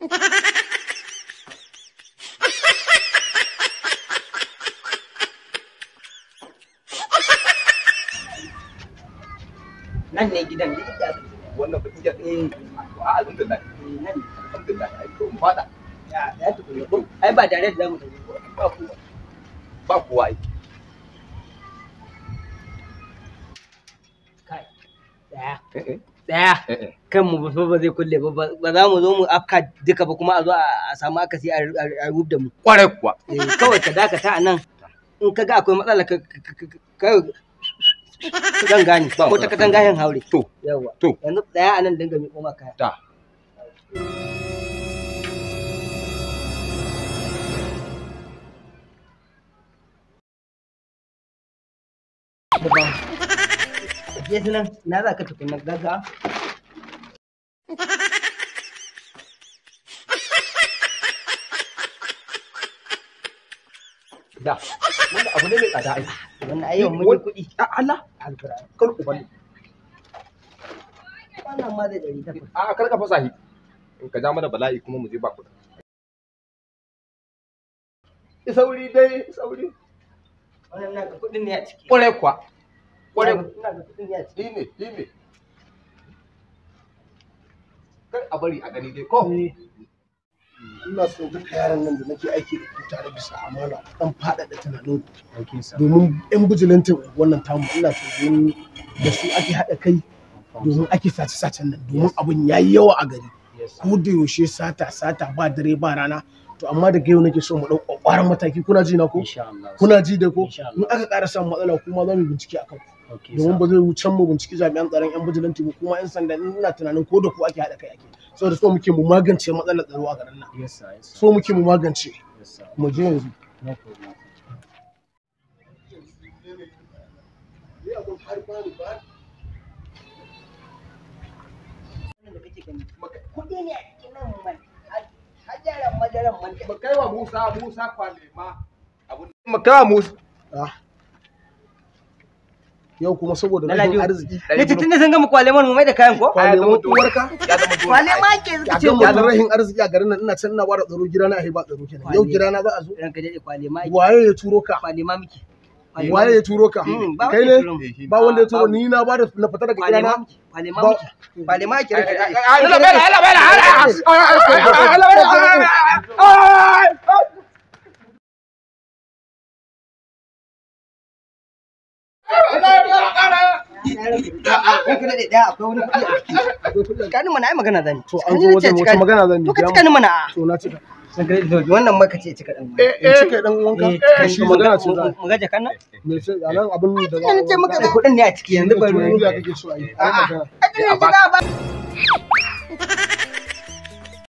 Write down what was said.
nan ne gidan da ita wannan eh, a eh, nan ko ya ya tuku ko ai ba da zamu tafi ba kuwa ba kuwa ai Ɗaya tsaya eh, eh. Eh, kan mu ba zai kulle ba za mu zo mu afka duka ba kuma a zo a samu akasi a rub da mu kwarai kuwa kawai ka dakata a nan in ka ga akwai matsala ka zan gane ko ta kadan gayan haure to yawa to yanzu tsaya a nan dinga mi koma kaya da Bye-bye. je nan na za ka tafi na gaga da wanda abu ne mai tsada ai wannan ai yawan mun kuɗi a Allah alƙur'ani kar ku bani wannan ma da ɗari takwas a kar ka fasa in ka ja mana bala'i kuma mu je ba kuɗi sauri dai sauri wannan na kuɗin ne a ciki ƙwarai kuwa kwarai ne ne kar a bari a gani dai ko eh. ina so duka yaran nan da nake aiki da ku tare bisa amana dan faɗaɗa tunanin domin yan bijilantin wannan tamu ina so domin da su ake haɗa kai domin ake sace-sacen nan domin abin ya yi yawa a gari ko da yaushe sata sata ba dare ba rana to amma da yau nake so mu ɗau ƙwaƙwaran mataki kuna ji na ko kuna ji da ko in aka ƙara samun matsala kuma za mu bincike akan ku domin ba zai wuce mu binciki jami'an tsaron yan bijilanti ba kuma yan sanda ina tunanin ko da ko ake haɗa kai ake da so muke mu magance matsalar tsaro a garin nan so muke mu magance mu je yanzu kuɗi ne a cikin nan mu kai wa Musa Musa yau kuma saboda rashin arziki Ni tun da sun gama kwaleman mu mai da kayan ko kwaleman uwarka kwalema ke ce mu da rashin arziki a garin nan ina can ina wara tsaro gidana a ba tsaro kenan yau na za a zo ranka waye ya turo ka waye ya turo ka kai ne ba wanda ya turo ni na ba da na fita daga gidana kwalema miki kwalema ki ranka dade ala bela ala ala kanin mana yi magana zan to an zo wajen wata magana to ka kanin mana to na cika wannan maka ce cika eh, eh cika wanka eh, eh shi magana ce za mu gaje kan nan me abin da za ce ne a ciki yanzu bari ruwa kake so ai a'a ba